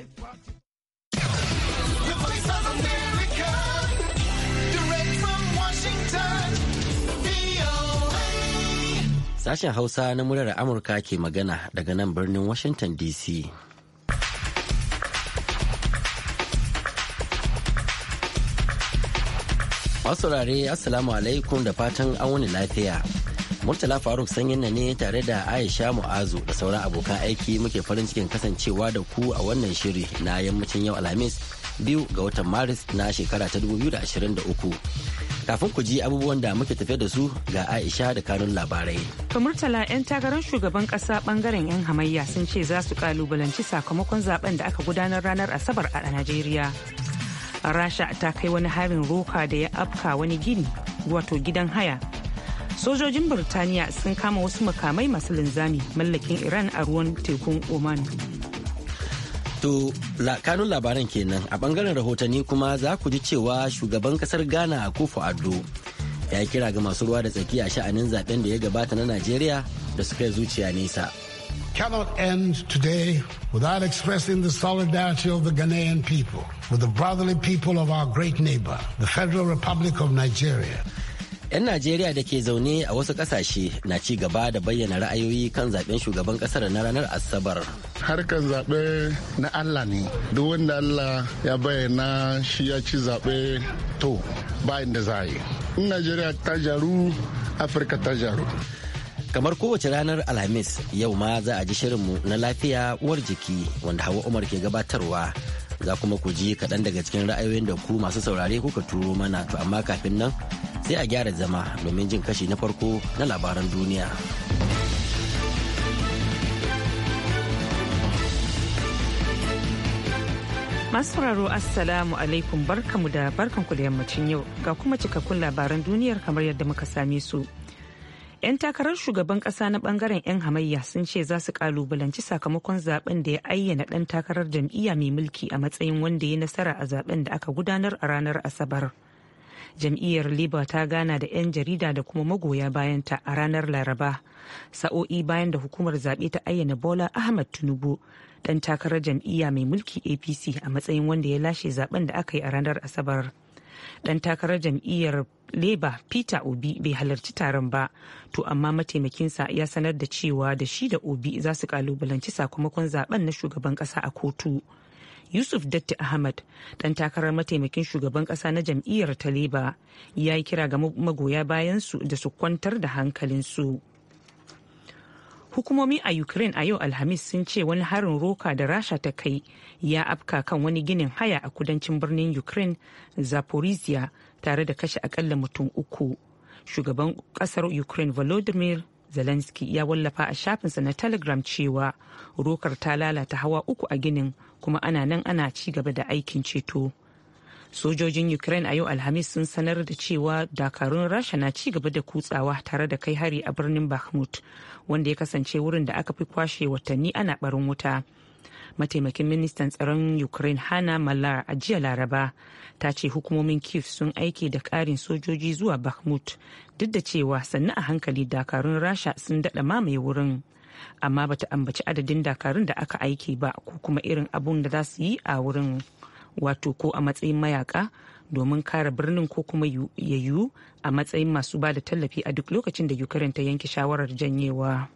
Sashen Hausa na murar Amurka ke magana daga nan birnin Washington DC. rare, Assalamu alaikum da fatan an wani lafiya. Murtala Faruk sanyin ne tare da Aisha Mu'azu da sauran abokan aiki muke farin cikin kasancewa da ku a wannan shiri na yammacin yau Alhamis biyu ga watan Maris na shekara ta 2023. Kafin ku ji abubuwan da muke tafe da su ga Aisha da kanun labarai. To Murtala 'yan takarar shugaban kasa bangaren 'yan hamayya sun ce za su kalubalanci sakamakon zaben da aka gudanar ranar Asabar a Najeriya. Rasha ta kai wani harin roka da ya afka wani gini wato gidan haya sojojin burtaniya sun kama wasu makamai masu linzami mallakin iran a ruwan tekun oman To, kanun labaran kenan a bangaren rahotanni kuma za ku ji cewa shugaban kasar Ghana a kofu Addo ya kira ga masu ruwa da tsaki a sha'anin zaben da ya gabata na Najeriya da suka yi zuciya nesa. Cannot end today without expressing the solidarity of the Ghanaian people with the brotherly people of our great neighbor, the Federal Republic of Nigeria. 'Yan Najeriya da ke zaune a wasu kasashe na ci gaba da bayyana ra'ayoyi kan zaben shugaban kasar na ranar Asabar. Harkar zaɓe na Allah ne, duk wanda Allah ya bayyana shi ya ci zaɓe to bayan da za yi. In Najeriya ta jaru, Afirka ta jaru. kamar kowace ranar alhamis yau ma za a ji shirinmu na lafiya uwar jiki wanda hawa umar ke gabatarwa za kuma ku ji kaɗan daga cikin ra'ayoyin da ku masu saurare kuka turo mana to amma kafin nan sai a gyara zama domin jin kashi na farko na labaran duniya. Masu sauraro Assalamu alaikum barkamu da barkanku da yammacin yau ga kuma cikakkun labaran duniyar kamar yadda muka same su. 'Yan takarar shugaban ƙasa na ɓangaren 'yan hamayya sun ce za su kalubalanci sakamakon zaben da ya ayyana ɗan takarar jam'iyya mai mulki a matsayin wanda ya nasara a zaben da aka gudanar a ranar Asabar. jam'iyyar labour ta gana da 'yan jarida da kuma magoya bayanta a ranar laraba sa'o'i bayan da hukumar zaɓe ta ayyana bola ahmad tinubu ɗan takarar jam'iyya mai mulki apc a matsayin wanda ya lashe zaben da aka yi a ranar asabar ɗan takarar jam'iyyar leba peter obi bai halarci taron ba to amma mataimakinsa ya sanar da cewa da shi da obi za su kalubalanci sakamakon zaben na shugaban ƙasa a kotu yusuf datti ahmad ɗan takarar mataimakin shugaban ƙasa na jam'iyyar taliba ya yi kira ga magoya bayansu da su kwantar da hankalinsu hukumomi a ukraine a yau alhamis sun ce wani harin roka da rasha ta kai ya afka kan wani ginin haya a kudancin birnin ukraine zaporizhia tare da kashe akalla mutum uku shugaban ƙasar ukraine volodymyr zelensky ya wallafa a shafinsa na telegram cewa rokar ta lalata hawa uku a ginin kuma ana nan ana ci gaba da aikin ceto sojojin ukraine a yau alhamis sun sanar da cewa dakarun rasha na ci gaba da kutsawa tare da kai hari a birnin bakhmut wanda ya kasance wurin da aka fi kwashe watanni ana barin wuta mataimakin ministan tsaron ukraine hana malar a jiya laraba ta ce hukumomin kiev sun aiki da karin sojoji zuwa bakhmut duk da cewa sannu a hankali dakarun rasha sun daɗa mamaye wurin amma bata ambaci adadin dakarun da aka aiki ba ko kuma irin abun da za su yi a wurin wato ko a matsayin mayaka domin kare birnin ko kuma ya yiwu a matsayin masu ba da tallafi a duk lokacin da ukraine ta yanke shawarar janyewa.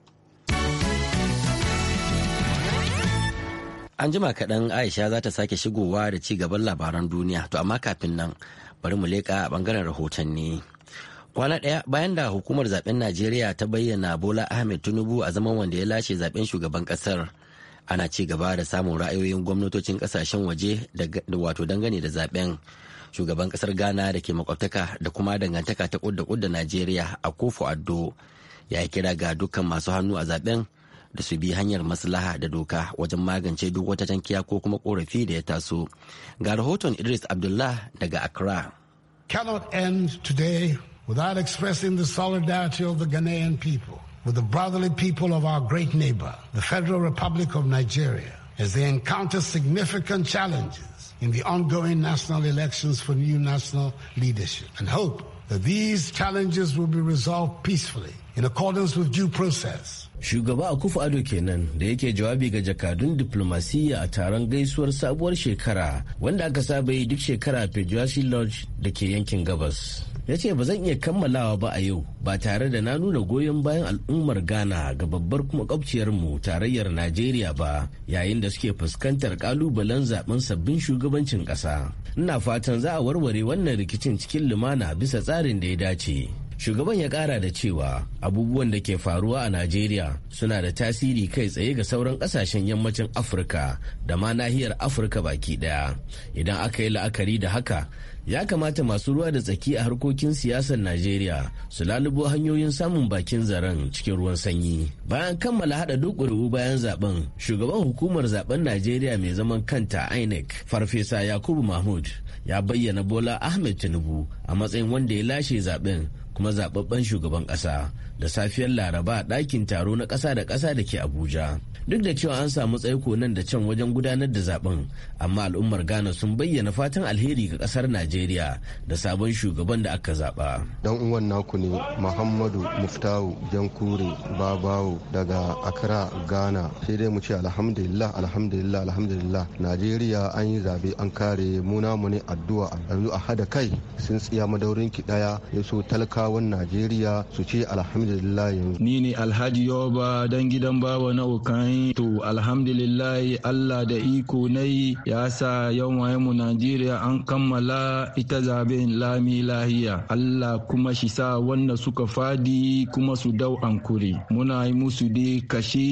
An jima kaɗan Aisha za ta sake shigowa da ci gaban labaran duniya to amma kafin nan bari mu leƙa a ɓangaren rahotanni. Kwana ɗaya bayan da hukumar zaben Najeriya ta bayyana Bola Ahmed Tinubu a zaman wanda ya lashe zaben shugaban ƙasar. Ana ci gaba da samun ra'ayoyin gwamnatocin ƙasashen waje da wato dangane da zaben. Shugaban ƙasar Ghana da ke makwabtaka da kuma dangantaka ta ƙudda ƙudda Najeriya a kofo addo ya kira ga dukkan masu hannu a zaben da su bi hanyar maslaha da doka wajen magance duk wata tankiya ko kuma korafi da ya taso ga rahoton idris abdullah daga accra cannot end today without expressing the solidarity of the ghanaian people with the brotherly people of our great neighbor the federal republic of nigeria as they encounter significant challenges in the ongoing national elections for new national leadership and hope that these challenges will be resolved peacefully in accordance with due process. Shugaba Akufu Ado kenan da yake jawabi ga jakadun diplomasiyya a taron gaisuwar sabuwar shekara wanda aka saba yi duk shekara a Pejuashi Lodge da ke yankin gabas. Ya ce ba zan iya kammalawa ba a yau ba tare da na nuna goyon bayan al'ummar Ghana ga babbar kuma mu tarayyar Najeriya ba yayin da suke fuskantar kalubalen zaben sabbin shugabancin kasa Ina fatan za a warware wannan rikicin cikin lumana bisa tsarin da ya dace. Shugaban ya kara da cewa abubuwan da ke faruwa a Najeriya suna da tasiri kai tsaye ga sauran kasashen yammacin Afirka da ma nahiyar Afirka baki daya. Idan aka yi la'akari da haka, ya kamata masu ruwa da tsaki a harkokin siyasar Najeriya su lalubo hanyoyin samun bakin zaren cikin ruwan sanyi. Bayan kammala hada duk bayan zaben, shugaban hukumar zaben Najeriya mai zaman kanta INEC, Farfesa Yakubu Mahmud, ya bayyana Bola Ahmed Tinubu a matsayin wanda ya lashe zaben kuma zababben shugaban ƙasa da safiyar laraba a ɗakin taro na ƙasa da ƙasa da ke abuja duk da cewa an samu tsaiko nan da can wajen gudanar da zaben amma al'ummar ghana sun bayyana fatan alheri ga ƙasar najeriya da sabon shugaban da aka zaɓa dan uwan naku ne muhammadu muftawu jankure babawo daga accra ghana sai dai mu ce alhamdulillah alhamdulillah alhamdulillah najeriya an yi zabe an kare muna mu ne addu'a yanzu a hada kai sun tsiya madaurin ki daya ya so talakawan najeriya su ce alhamdulillah alhamdulillah ni ne alhaji yoba dan gidan baba na ukan to alhamdulillah allah da iko nai ya sa yau mu najeriya an kammala ita zaben lami lahiya allah kuma shi sa wanda suka fadi kuma su dau ankuri muna yi musu dai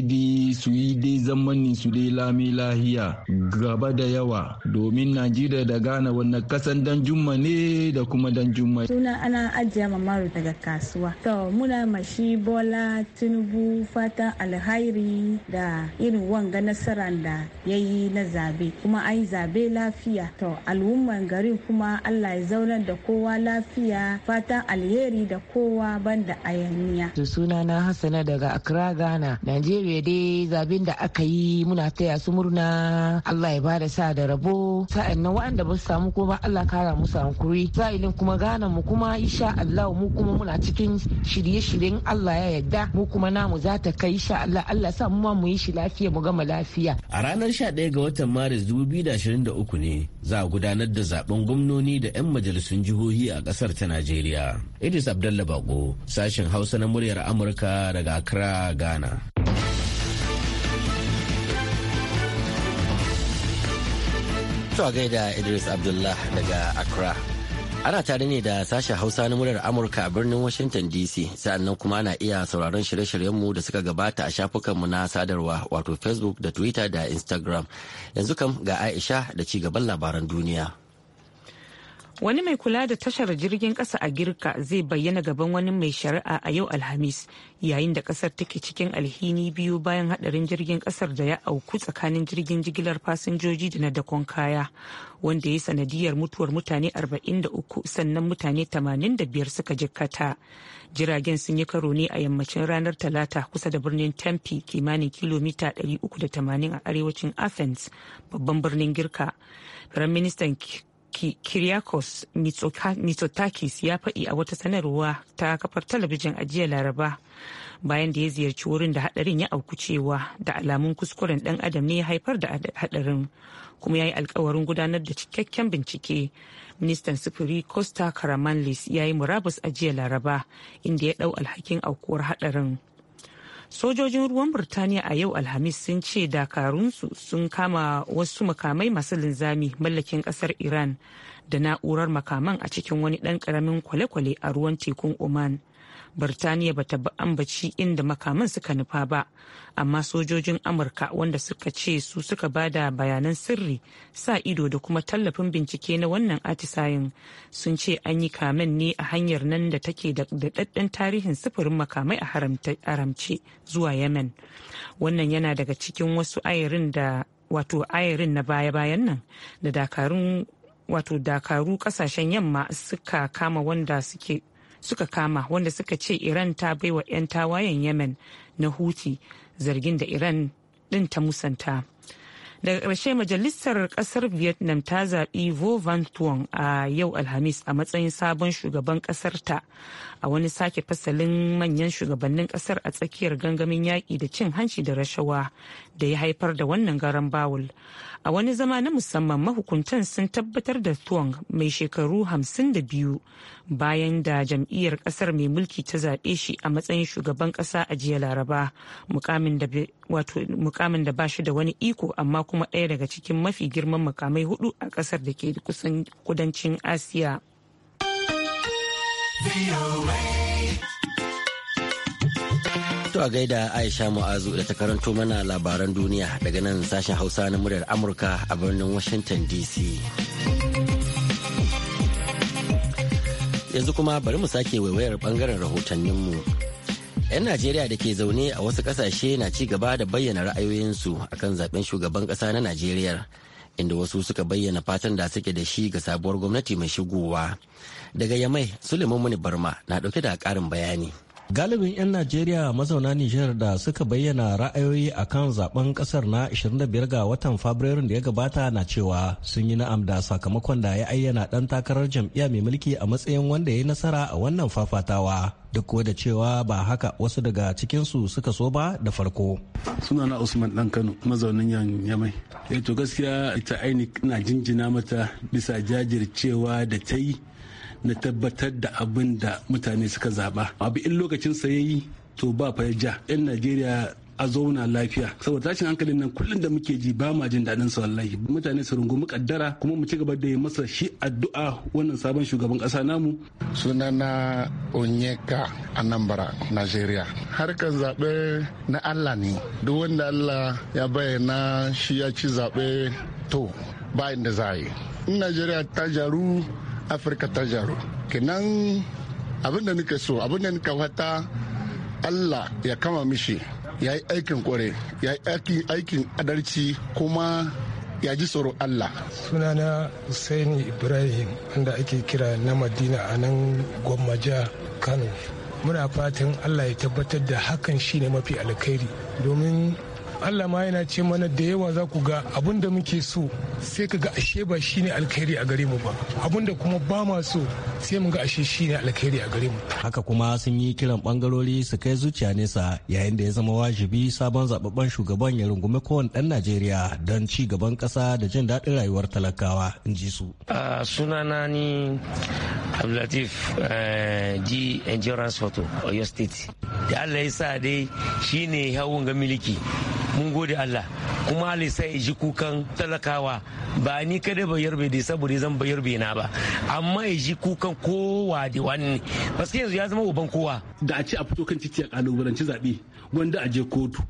di su yi dai zamani su dai lami lahiya gaba da yawa domin najeriya da ghana wannan kasan dan jumma ne da kuma dan jumma suna ana ajiya mamaru daga kasuwa to muna ma bola tinubu fatan alhairi da irin wanga nasarar da ya yi na zabe kuma an yi zabe lafiya to al'umman garin kuma allah ya zaunar da kowa lafiya fatan alheri da kowa banda ayaniya su suna na hassana daga accra ghana nigeria dai zabin da aka yi muna taya su murna allah ya bada sa da rabo sa'an nan waɗanda ba su samu kuma ba allah kara musu hankuri sa'ilin kuma ghana mu kuma isha allah mu kuma muna cikin shirye-shirye in Allah ya yarda mu kuma namu za ta kai sha Allah Allah sa mu mu yi shi lafiya mu gama lafiya a ranar 11 ga watan Maris 2023 ne za a gudanar da zaben gwamnoni da 'yan majalisun jihohi a kasar ta Najeriya Idris Abdullahi Bako sashin Hausa na muryar Amurka daga Accra Ghana To gaida Idris Abdullah daga Accra Ana tare ne da sashen Hausa na murar Amurka a birnin Washington DC, sa'annan kuma ana iya sauraron shirye-shiryenmu da suka gabata a shafukanmu na sadarwa wato Facebook da Twitter da Instagram. Yanzu kam ga Aisha da ci gaban labaran duniya. wani mai kula da tashar jirgin kasa a girka zai bayyana gaban wani mai shari'a a yau alhamis yayin da kasar take cikin alhini biyu bayan hadarin jirgin kasar da ya auku tsakanin jirgin jigilar fasinjoji da na dakon kaya wanda ya sanadiyar mutuwar mutane 43 sannan mutane 85 suka jikkata jiragen sun yi karo ne a yammacin ranar talata kusa da birnin tempe kimanin kilomita 380 a arewacin athens babban birnin girka firaministan Kiriakos mitsotakis ya faɗi a wata sanarwa ta kafar talabijin a jiya laraba bayan da ya ziyarci wurin da haɗarin ya auku cewa da alamun kuskuren ɗan adam ne ya haifar da haɗarin kuma ya yi alkawarin gudanar da cikakken bincike ministan sufuri costa karamanlis ya yi murabus a jiya laraba inda ya ɗau alhakin aukuwar haɗarin. sojojin ruwan burtaniya a yau alhamis sun ce dakarunsu sun kama wasu makamai masu linzami mallakin kasar iran da na'urar makaman a cikin wani dan karamin kwale-kwale a ruwan tekun oman birtaniya bata ambaci inda makaman suka nufa ba amma sojojin amurka wanda suka ce su suka ba da bayanan sirri sa ido da kuma tallafin bincike na wannan atisayin sun ce an yi kamen ne a hanyar nan da take da daɗaɗɗen tarihin sufurin makamai a haramce zuwa yemen wannan yana daga cikin wasu ayarin da wato ayarin na baya-bayan nan da dakarun wato dakaru kasashen yamma suka kama wanda suke suka kama wanda suka ce iran ta bai wa 'yan tawayen yemen na huti zargin da iran din ta musanta daga ƙarshe majalisar ƙasar vietnam ta zaɓi vo van tuong a yau alhamis a matsayin sabon shugaban ƙasarta a wani sake fasalin manyan shugabannin kasar a tsakiyar gangamin yaƙi da cin hanci da rashawa da ya haifar da wannan garan bawul a wani zama na musamman mahukuntan sun tabbatar da tuwon mai shekaru 52 bayan da jam'iyyar kasar mai mulki ta zaɓe shi a matsayin shugaban ƙasa a jiya laraba mukamin da ba shi da wani iko amma kuma ɗaya daga cikin mafi girman makamai hudu a ƙasar da ke kudancin asiya To a gaida Aisha Mu'azu da ta karanto mana labaran duniya daga nan sashen Hausa na muryar Amurka a birnin Washington DC. Yanzu kuma bari mu sake waiwayar bangaren rahotanninmu. 'Yan Najeriya da ke zaune a wasu kasashe na ci gaba da bayyana ra'ayoyinsu akan zaben shugaban ƙasa na Najeriya. inda wasu suka bayyana fatan da suke da shi ga sabuwar gwamnati mai shigowa daga yamai suleiman muni barma na dauke da ƙarin bayani Galibin 'yan Najeriya mazauna Nijar da suka bayyana ra'ayoyi a kan zaben kasar na 25 ga watan Fabrairun da ya gabata na cewa sun yi na'am da sakamakon da ya ayyana ɗan takarar jam'iyya mai mulki a matsayin wanda ya yi nasara a wannan fafatawa. Duk da cewa ba haka wasu daga cikinsu suka so ba da farko. Suna na Usman Dan Kano mazaunin yan Yamai. Eh to gaskiya ita aini na jinjina mata bisa jajircewa da ta yi na tabbatar da abin da mutane suka zaɓa abu in lokacin sa yayi to ba fa ja yan najeriya a zauna lafiya saboda tashin hankalin nan kullum da muke ji ba ma jin daɗin sa wallahi mutane su rungumi kaddara kuma mu ci gaba da yi masa shi addu'a wannan sabon shugaban ƙasa namu sunana onyeka anambra nigeria harkan zaɓe na allah ne duk wanda allah ya bayyana shi ya ci zaɓe to ba inda za yi in najeriya ta jaru afirka ta jaro kenan abin da nika so abin da nika wata allah ya kama mishi ya yi aikin kware ya yi aikin adalci kuma ya ji tsoro Allah. Sunana Husaini Ibrahim wanda ake kira na Madina a nan Gwammaja Kano. Muna fatan Allah ya tabbatar da hakan shine mafi alkhairi domin Allah ma yana ce mana da yawa za ku ga abun da muke so sai ka ga ashe ba shine alkhairi a gare mu ba abun da kuma ba ma so sai mun ga ashe shine alkhairi a gare mu haka kuma sun yi kiran bangarori su kai zuciya nesa yayin da ya zama wajibi sabon zababben shugaban ya rungumi kowane dan Najeriya don ci gaban kasa da jin daɗin rayuwar talakawa in ji su sunana ni Abdulatif ji eh, insurance photo Oyo State da Allah ya sa dai shine hawan ga miliki mun gode Allah kuma Ali sai ya ji kukan talakawa ba ni kada ba yarbe dai saboda zan ba yarbe na ba amma ya ji kukan kowa da wani yanzu ya zama uban kowa da a ce a fito kan titi a kalubalanci zaɓe wanda a je kotu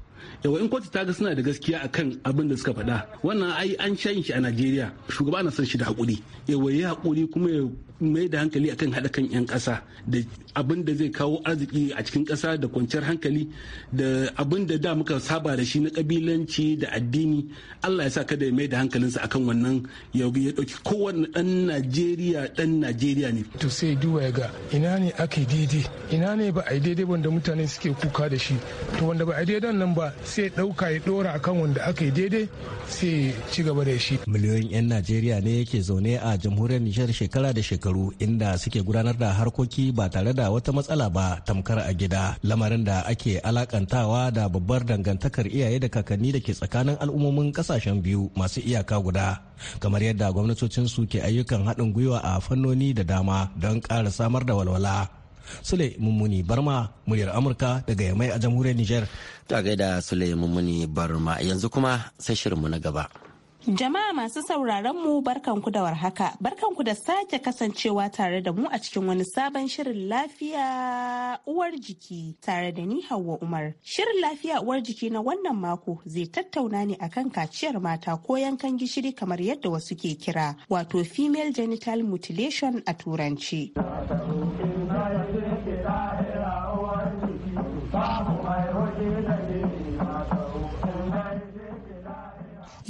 yawa in kotu ta ga suna da gaskiya akan abin da suka faɗa wannan ai an sha shi a najeriya shugaba na son shi da haƙuri yawa ya haƙuri kuma ya mai da hankali akan haɗa kan 'yan ƙasa da abin da zai kawo arziki a cikin ƙasa da kwanciyar hankali da abin da da muka saba da shi na kabilanci da addini allah ya sa kada ya mai da hankalinsa akan wannan ya ɗauki kowane ɗan najeriya ɗan najeriya ne to sai duba ya ga ina ne ake daidai ina ne ba a yi daidai wanda mutane suke kuka da shi to wanda ba a yi daidai nan ba sai ɗauka ya ɗora akan wanda aka yi daidai sai ci gaba da shi miliyoyin 'yan najeriya ne yake zaune a jamhuriyar nijar shekara da shekara. shekaru inda suke gudanar da harkoki ba tare da wata matsala ba tamkar a gida lamarin da ake alakantawa da babbar dangantakar iyaye da kakanni da ke tsakanin al'ummomin kasashen biyu masu iyaka guda kamar yadda gwamnatocin su ke ayyukan haɗin gwiwa a fannoni da dama don ƙara samar da walwala sule mummuni barma muryar amurka daga yamai a jamhuriyar niger ta gaida sule mummuni barma yanzu kuma sai shirinmu na gaba Jama'a masu sauraron mu barkanku da warhaka, barkanku da sake kasancewa tare da mu a cikin wani sabon shirin lafiya uwar jiki tare da ni Hauwa Umar. Shirin lafiya uwar jiki na wannan mako zai tattauna ne akan kaciyar mata ko yankan gishiri kamar yadda wasu ke kira, wato female genital mutilation a turanci.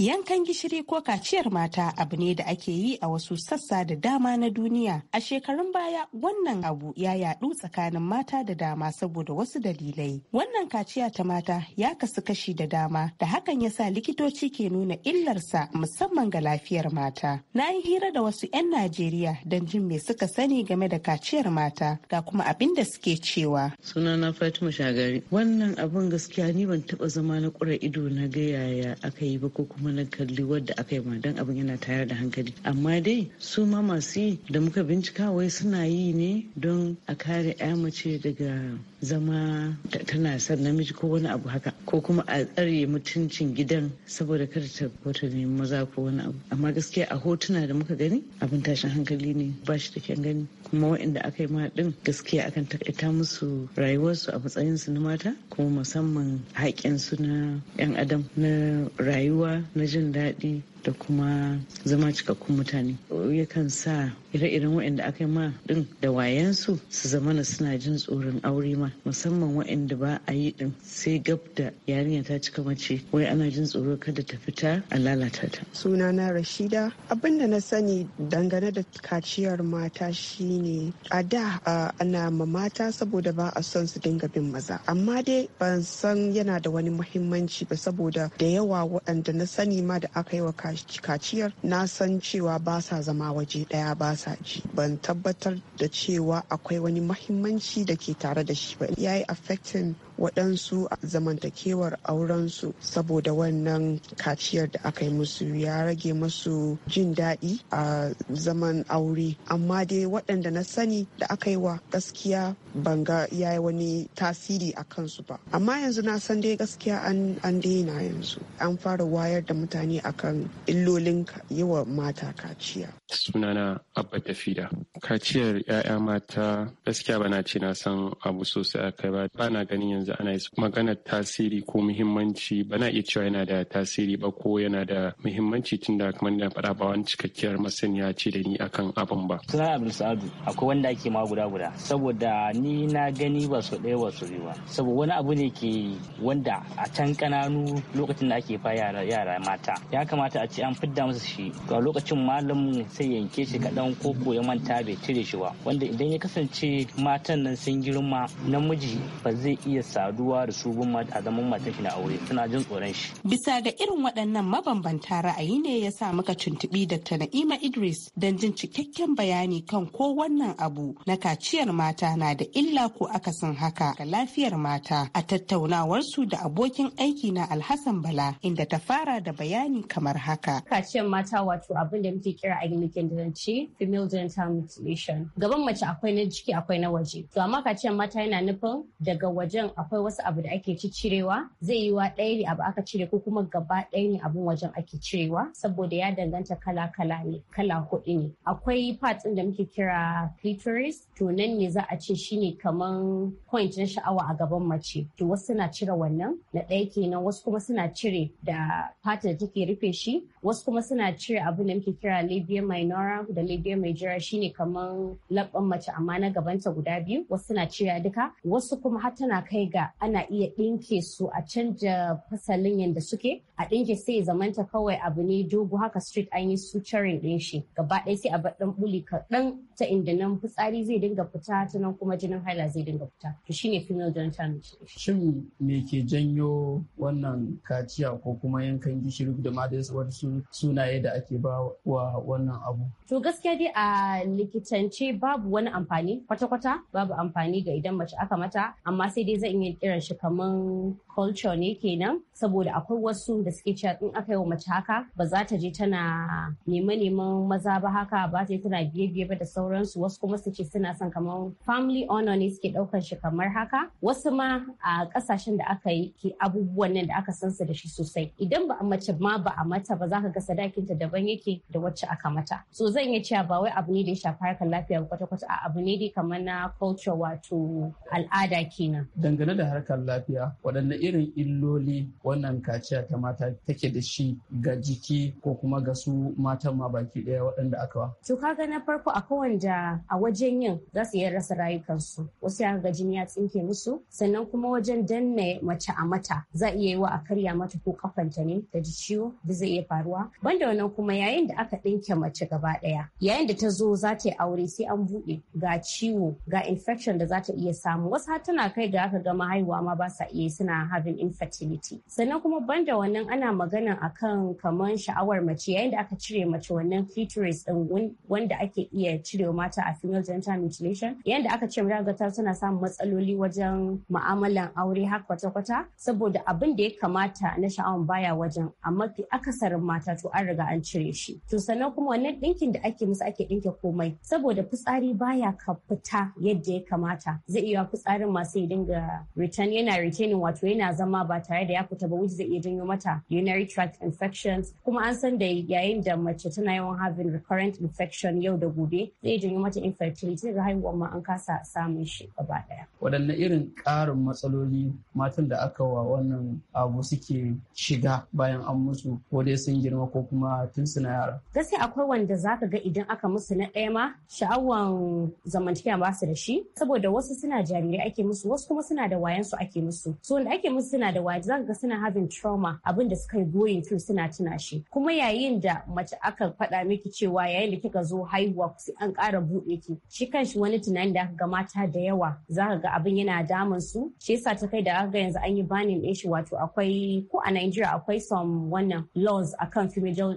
Yankan gishiri ko kaciyar mata abu ne da ake yi a wasu sassa da dama na duniya. A shekarun baya wannan abu ya yadu tsakanin mata da dama saboda wasu dalilai. Wannan kaciya ta mata ya kasu kashi da dama da hakan ya sa likitoci ke nuna illarsa musamman ga lafiyar mata. Na yi hira da wasu 'yan Najeriya don jin me suka sani game da kaciyar mata ga kuma abin da suke cewa. Sunana Fatima Shagari. Wannan abun gaskiya ni ban taɓa zama na ƙura ido na ga yaya aka yi ba ko kuma na kalli wadda aka yi ma don abin yana tayar da hankali amma dai su ma masu yi da muka bincika wai suna yi ne don a kare 'ya mace daga zama tana son namiji ko wani abu haka ko kuma a tsare mutuncin gidan saboda kada ta wata ne maza ko wani abu amma gaskiya a hotuna da muka gani abin tashin hankali ne ba shi da kyan gani kuma waɗanda aka yi ma din gaskiya akan takaita musu rayuwarsu a matsayinsu na mata kuma musamman haƙƙinsu na 'yan adam na rayuwa na that the? da kuma zama cikakkun mutane yakan sa ire-iren waɗanda aka yi ma ɗin da wayansu su zama na suna jin tsoron aure ma musamman waɗanda ba a yi din sai gab da yarinya ta cika mace wai ana jin tsoro kada ta fita a lalata ta suna na rashida abin da na sani dangane da kaciyar mata shine a da ana ma mata saboda ba a son su dinga bin maza amma dai ban san yana da wani muhimmanci ba saboda da yawa waɗanda na sani ma da aka yi wa kaciyar na san cewa ba sa zama waje ɗaya ba sa ji ban tabbatar da cewa akwai wani mahimmanci da ke tare da shi ba ya yi affecting waɗansu zamantakewar aurensu saboda wannan kaciyar da aka yi musu ya rage musu jin daɗi a zaman aure amma dai waɗanda na sani da aka yi wa gaskiya banga ya yi wani tasiri a kansu ba amma yanzu na san dai gaskiya an daina yanzu an fara wayar da mutane akan illolin yi wa mata kaciya sunana abba tafida kaciyar 'ya'ya mata gaskiya bana ce na san abu sosai kai ba bana ganin yanzu yanzu ana maganar tasiri ko muhimmanci ba na iya cewa yana da tasiri ba ko yana da muhimmanci tun da kamar da faɗa ba wani cikakkiyar masaniya ce da ni akan abin ba. Suna Abdul Sa'adu akwai wanda ake ma guda guda saboda ni na gani ba su ɗaya ba su biyu ba saboda wani abu ne ke wanda a can kananu lokacin da ake fa yara mata ya kamata a ce an fidda musu shi a lokacin malamin sai yanke shi kaɗan ko ko ya manta bai cire shi ba wanda idan ya kasance matan nan sun girma namiji ba zai iya saduwa da su gun a zaman matan na aure suna jin tsoron shi. Bisa ga irin waɗannan mabambanta ra'ayi ne ya sa muka tuntuɓi Dr. Na'ima Idris don jin cikakken bayani kan ko wannan abu na kaciyar mata na da illa ko akasin haka ga lafiyar mata a tattaunawar su da abokin aiki na Alhassan Bala inda ta fara da bayani kamar haka. Kaciyar mata wato abin da muke kira a likitanci female genital mutilation. Gaban mace akwai na jiki akwai na waje. To amma kaciyar mata yana nufin daga wajen akwai wasu abu da ake ci cirewa, zai yi wa ɗaya ne abu aka cire ko kuma gaba ɗaya ne abun wajen ake cirewa saboda ya danganta kala kala ne kala hudu ne akwai parts da muke kira clitoris to nan ne za a ce shine kaman point na sha'awa a gaban mace to wasu suna cire wannan na ɗaya kenan wasu kuma suna cire da part da take rufe shi wasu kuma suna cire abin da muke kira labia minora da labia majora shine kaman labban mace amma na gabanta guda biyu wasu suna cire duka wasu kuma har tana kai riga ana iya ɗinke su a canja fasalin yadda suke a ɗinke sai zamanta kawai abu ne dogo haka street an yi su carin ɗin shi gaba ɗaya sai a bar ɗan buli kaɗan ta inda nan fitsari zai dinga fita ta nan kuma jinin haila zai dinga fita to shine female ta mutilation. Shin me ke janyo wannan kaciya ko kuma yankan gishiri da ma da wasu sunaye da ake ba wa wannan abu? To gaskiya dai a likitance babu wani amfani kwata-kwata babu amfani ga idan mace aka mata amma sai dai zan iya kiran shi kaman culture ne kenan saboda akwai wasu da suke cewa in aka yi wa mace haka ba za ta je tana neman-neman maza ba haka ba ta tana biye-biye ba da sauransu wasu kuma su ce suna son kaman family honor ne suke daukan shi kamar haka wasu ma a kasashen da aka yi ke abubuwan nan da aka san su da shi sosai idan ba a mace ma ba a mata ba za ka ga sadakinta daban yake da wacce aka mata so zan iya cewa ba wai abu ne da ya shafi harkar lafiya kwata-kwata a abu ne dai kamar na culture wato al'ada kenan. Dangane da harkar lafiya waɗanne irin illoli wannan kaciya ta mata take da shi ga jiki ko kuma ga su matan ma baki ɗaya waɗanda aka wa. To kaga na farko a kowanda a wajen yin za su iya rasa rayukansu wasu ya ga jini ya tsinke musu sannan kuma wajen danne mace a mata za iya yi wa a karya mata ko kafanta ne da ciwo da zai iya faruwa banda wannan kuma yayin da aka ɗinke mace gaba ɗaya daya yayin da ta zo za ta yi aure sai an buɗe ga ciwo ga infection da za ta iya samu wasu har tana kai ga aka gama haihuwa ma ba sa iya suna having infertility sannan kuma banda wannan ana magana akan kaman sha'awar mace yayin da aka cire mace wannan clitoris din wanda ake iya cire mata a female genital mutilation yayin da aka ce mata ta suna samun matsaloli wajen mu'amalan aure har kwata-kwata saboda abin da ya kamata na sha'awar baya wajen amma fi akasarin mata to an riga an cire shi to sannan kuma wannan ɗinkin da ake musu ake ɗinke komai saboda fitsari baya ka fita yadda ya kamata zai iya fitsarin masu ya dinga return yana retaining wato yana zama ba tare da ya fita ba wuce zai iya janyo mata urinary tract infections kuma an san da yayin da mace tana yawan having recurrent infection yau da gobe zai janyo mata infertility ga haihuwar ma an kasa samun shi gaba daya waɗanne irin ƙarin matsaloli matan da aka wa wannan abu suke shiga bayan an musu ko dai sun girma ko kuma tun suna yara gaskiya akwai wanda za zaka ga idan aka musu na ɗaya ma sha'awan zamantakewa ba su da shi saboda wasu suna jarirai ake musu wasu kuma suna da wayan su ake musu so wanda ake musu suna da waye zaka ga suna having trauma abin da suka yi going through suna tuna shi kuma yayin da mace aka faɗa miki cewa yayin da kika zo haihuwa sai an ƙara buɗe ki shi kanshi wani tunani da aka ga mata da yawa zaka ga abin yana damun su shi yasa ta kai da aka ga yanzu an yi banin ɗin shi wato akwai ko a Najeriya akwai some wannan laws akan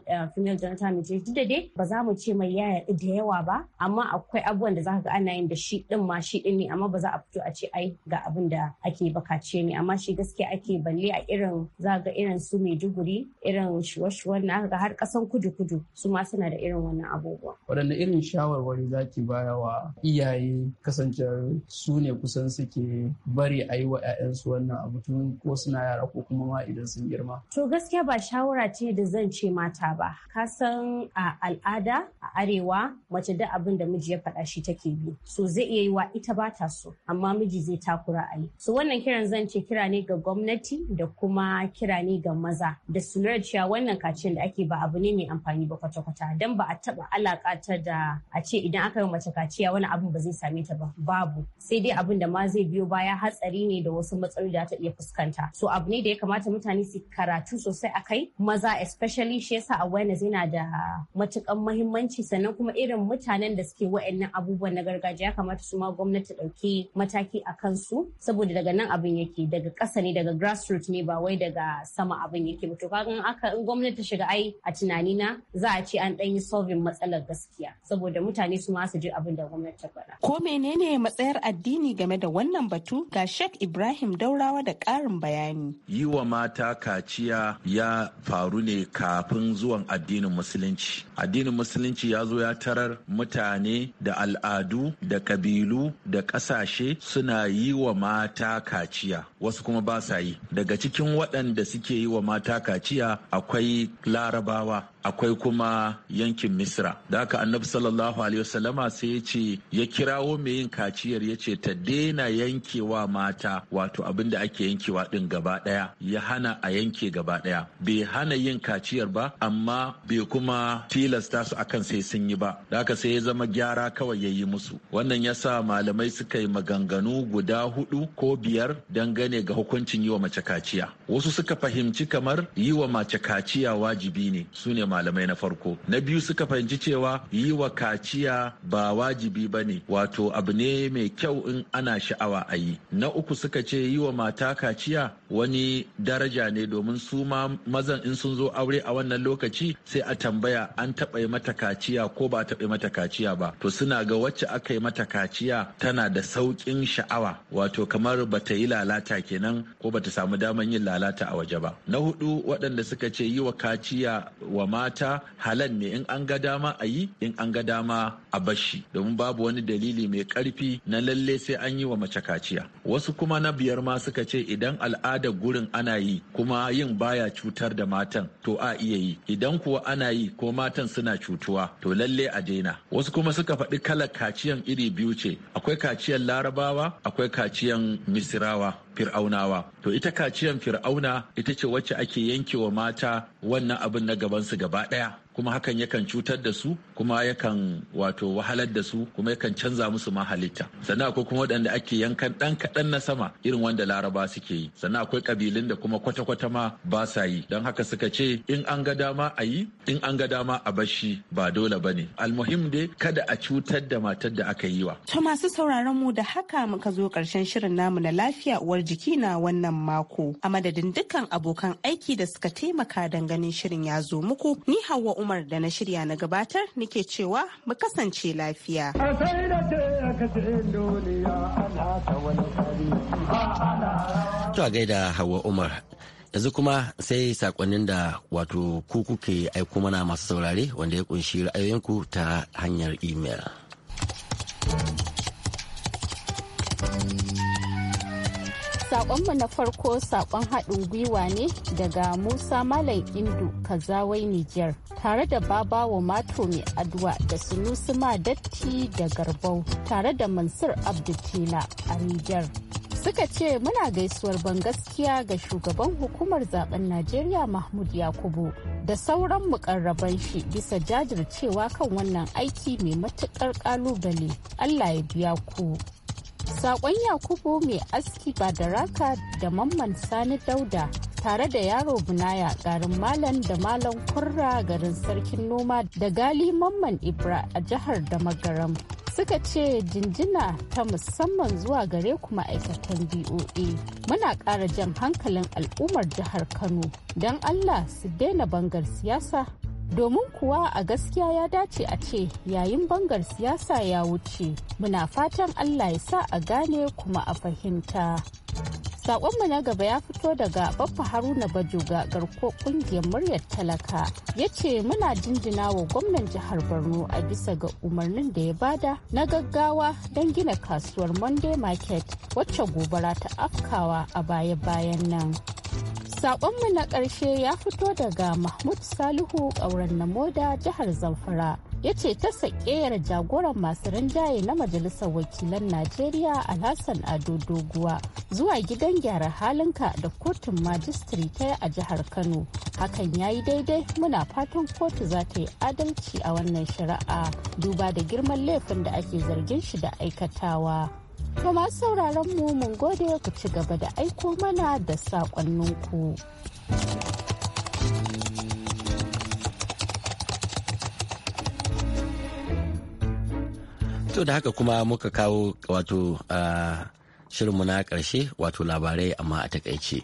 eh, female genital mutilation duk da dai ba za mu mu ce mai yaya yaɗu da yawa ba amma akwai abubuwan da zaka ga ana yin da shi din ma shi din ne amma ba za a fito a ce ai ga abin da ake bakace ne amma shi gaskiya ake balle a irin za ga irin su Maiduguri irin shuwa-shuwan na ga har kasan kudu-kudu su ma suna da irin wannan abubuwa. Waɗanne irin shawarwari zaki bayawa iyaye kasance su ne kusan suke bari a yi wa 'ya'yansu wannan abu tun ko suna yara ko kuma ma idan sun girma. To gaskiya ba shawara ce da zan ce mata ba. Ka san a al'ada a arewa mace da abin da miji ya faɗa shi take bi so zai iya yi wa ita ba ta so amma miji zai takura a yi so wannan kiran zan ce kira ne ga gwamnati da kuma kira ne ga maza da su lura cewa wannan kaciyar da ake ba abu ne mai amfani ba kwata-kwata Don ba a taɓa alaka ta da a ce idan aka yi mace kaciya wani abin ba zai same ta ba babu sai dai abin da ma zai biyo baya hatsari ne da wasu matsaloli da ta iya fuskanta so abu ne da ya kamata mutane su karatu sosai a kai maza especially shi yasa awareness yana da matukan muhimmanci bambanci sannan kuma irin mutanen da suke wa'annan abubuwan na gargajiya kamata su ma gwamnati ɗauki mataki a kansu saboda daga nan abin yake daga ƙasa ne daga grassroots ne ba wai daga sama abin yake ba to kaga aka in gwamnati shiga ai a tunani na za a ce an ɗan yi solving matsalar gaskiya saboda mutane su ma su ji abin da gwamnati ta faɗa. Ko menene matsayar addini game da wannan batu ga Sheikh Ibrahim Daurawa da ƙarin bayani. Yi wa mata kaciya ya faru ne kafin zuwan addinin musulunci. Addinin musulunci musulunci ya zo ya tarar mutane da al'adu da kabilu da ƙasashe suna yi wa mata kaciya wasu kuma ba sa yi daga cikin waɗanda suke yi wa mata kaciya akwai larabawa akwai kuma yankin misra da haka annabi sallallahu alaihi wasallama sai ya ce ya kirawo mai yin kaciyar ya ce ta daina yankewa mata wato abin da ake yankewa din gaba daya ya hana a yanke gaba daya bai hana yin kaciyar ba amma bai kuma tilasta su akan sai sun yi ba da haka sai ya zama gyara kawai ya yi musu wannan ya sa malamai suka yi maganganu guda hudu ko biyar dangane ga hukuncin yi wa mace kaciya wasu suka fahimci kamar yi wa mace kaciya wajibi ne su ne malamai na farko na biyu suka fahimci cewa yi wa kaciya ba wajibi ba ne wato abu ne mai kyau in ana sha'awa a yi na uku suka ce yi wa mata kaciya wani daraja ne domin su ma mazan in sun zo aure a wannan lokaci sai a tambaya an taɓa mata kaciya ko ba taɓa mata kaciya ba to suna ga wacce aka yi mata kaciya tana da sauƙin sha'awa wato kamar ba ta yi lalata kenan ko ba ta samu daman yin lalata a waje ba na hudu waɗanda suka ce yi wa kaciya wa mata halal ne in an ga dama a yi in an ga dama a bashi domin babu wani dalili mai karfi na lalle sai an yi wa mace kaciya wasu kuma na biyar ma suka ce idan al'ada gurin ana yi kuma yin baya cutar da matan to a iya yi idan kuwa ana yi ko matan suna cutuwa to lalle a daina wasu kuma suka faɗi kala kaciyan iri biyu ce akwai kaciyan larabawa akwai kaciyan misirawa fir'aunawa to ita kaciyan fir'auna ita ce wacce ake yankewa mata wannan abin na gabansu gaba ɗaya kuma hakan yakan cutar da su kuma yakan wato wahalar da su kuma yakan canza musu ma halitta sannan akwai kuma waɗanda ake yankan ɗan kaɗan na sama irin wanda laraba suke yi sannan akwai ƙabilun da kuma kwata-kwata ma ba sa yi don haka suka ce in an ga dama a yi in an ga dama a bashi ba dole ba ne almuhim dai kada a cutar da matar da aka yi wa. to masu sauraron mu da haka muka zo karshen shirin namu na lafiya uwar jiki na wannan mako a madadin dukkan abokan aiki da suka taimaka don ganin shirin ya zo muku ni hawa Umar da na shirya na gabatar nike cewa mu kasance lafiya. To a gaida hauwa Umar. yanzu kuma sai sakonnin da wato ku kuke aiko mana masu saurare wanda ya kunshi ra'ayoyinku ta hanyar imel. Sakonmu na farko sakon haɗin gwiwa ne daga Musa Malam Indu Kazawai Nijar tare da Babawo Mato mai addu'a da Sunusi datti da Garbau tare da Mansur Abdutela a Nijar. Suka ce muna gaisuwar ban gaskiya ga shugaban hukumar zaben Najeriya Mahmud Yakubu da sauran mukarraban shi bisa jajircewa kan wannan aiki mai matuƙar ƙalubale. Allah ya biya ku. saƙon Yakubu mai aski ba da raka da mamman sani dauda tare da yaro bunaya garin malam da malam kurra garin sarkin noma da gali mamman ibra a jihar damagaram suka ce jinjina ta musamman zuwa gare ku ma'aikatan boa muna ƙara jan hankalin al'ummar jihar kano don allah su daina bangar siyasa domin kuwa a gaskiya ya dace a ce yayin bangar siyasa ya wuce muna fatan allah ya sa a gane kuma a fahimta saƙonmu na gaba ya fito daga Baffa Haruna Bajoga garko ƙungiyar muryar talaka ya ce muna jinjina wa gwamnan jihar Borno a bisa ga umarnin da ya bada na gaggawa don gina kasuwar Monday Market wacce gobara ta afkawa a baya-bayan nan. sabonmu na ƙarshe ya fito daga Mahmud Salihu ƙauren Namoda jihar Zamfara. ya ce ta sakeyar jagoran masu rinjaye na majalisar wakilan najeriya alhassan ado doguwa zuwa gidan gyara halinka da kotun majistri ta a jihar kano hakan ya yi daidai muna fatan kotu za ta yi adalci a wannan shari'a duba da girman laifin da ake zargin shi da aikatawa To masu sauraron mu mun gode ku ci gaba da aiko mana da saƙonninku. To da haka kuma muka kawo wato ah, shirinmu na ƙarshe wato labarai amma a takaice.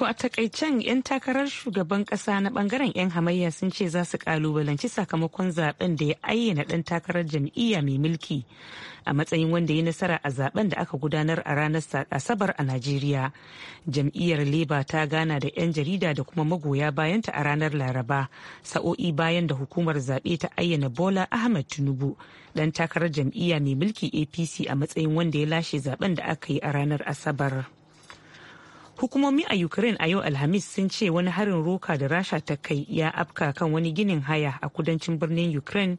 To a takaicen 'yan takarar shugaban kasa na bangaren 'yan hamayya sun ce za su kalubalanci sakamakon zaben da ya ayyana dan takarar jam'iyya mai mulki a matsayin wanda ya nasara a zaben da aka gudanar a ranar asabar a Najeriya. Jam'iyyar Leba ta gana da 'yan jarida da kuma magoya bayanta a ranar Laraba sa'o'i bayan da hukumar zaɓe ta ayyana Bola Ahmed Tinubu dan takarar jam'iyya mai mulki APC a matsayin wanda ya lashe zaben da aka yi a ranar Asabar. Hukumomi a Ukraine a yau Alhamis sun ce wani harin roka da Rasha ta kai ya afka kan wani ginin haya a kudancin birnin Ukraine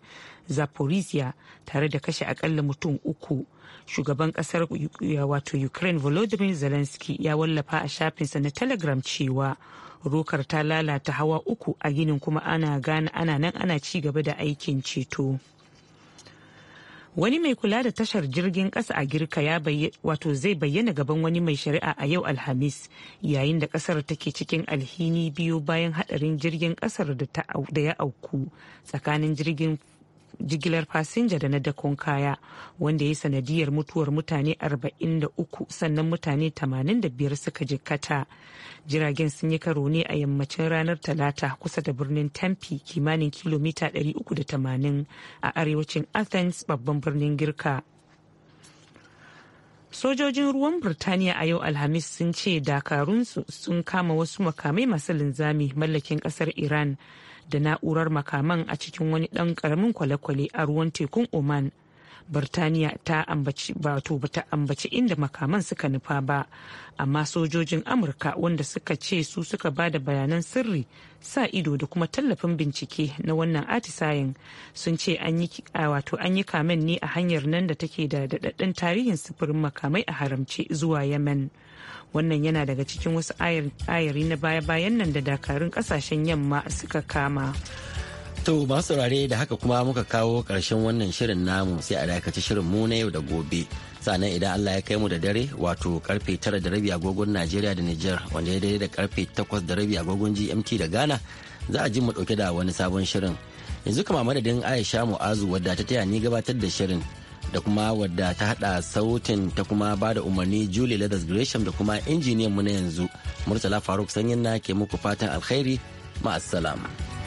Zaporizhia tare da kashe akalla mutum uku. Shugaban kasar wato Ukraine Volodymyr Zelensky ya wallafa a shafinsa na Telegram cewa rokar ta lalata hawa uku a ginin kuma ana gana ana nan ana ci gaba da aikin ceto. wani mai kula da tashar jirgin kasa a girka ya wato zai bayyana gaban wani mai shari'a a yau alhamis yayin da kasar take cikin alhini biyu bayan hadarin jirgin kasar da ya auku tsakanin jirgin jigilar fasinja da na dakon kaya wanda ya sanadiyar mutuwar mutane 43 sannan mutane 85 suka jikkata jiragen sun yi karo ne a yammacin ranar talata kusa da birnin tempi kimanin kilomita 380 a arewacin athens babban birnin girka sojojin ruwan Birtaniya a yau Alhamis sun ce dakarunsu sun kama wasu makamai masu linzami mallakin kasar Iran da na'urar makaman a cikin wani ɗan ƙaramin kwale-kwale a ruwan tekun Oman. Birtaniya ta ambaci wato bata ambaci inda makaman suka nufa ba, amma sojojin Amurka wanda suka ce su suka ba da bayanan sirri sa ido da kuma tallafin bincike na wannan atisayen sun ce wato an yi kamen ne a hanyar nan da take da daɗaɗɗen tarihin sufurin makamai a haramce zuwa Yemen. Wannan yana daga cikin wasu ayari na baya-bayan nan da dakarun ƙasashen yamma suka kama. To masu saurare da haka kuma muka kawo karshen wannan shirin namu sai a dakaci shirin mu na yau da gobe. Sannan idan Allah ya kai mu da dare wato karfe tara da rabi agogon Najeriya da Nijar wanda ya daidai da karfe takwas da rabi agogon GMT da Ghana za a ji mu ɗauke da wani sabon shirin. Yanzu kama madadin Aisha Mu'azu wadda ta taya ni gabatar da shirin da kuma wadda ta hada sautin ta kuma ba da umarni Julie Leathers Gresham da kuma injiniyan mu na yanzu Murtala Faruk Sanyin na ke muku fatan alkhairi ma'assalam.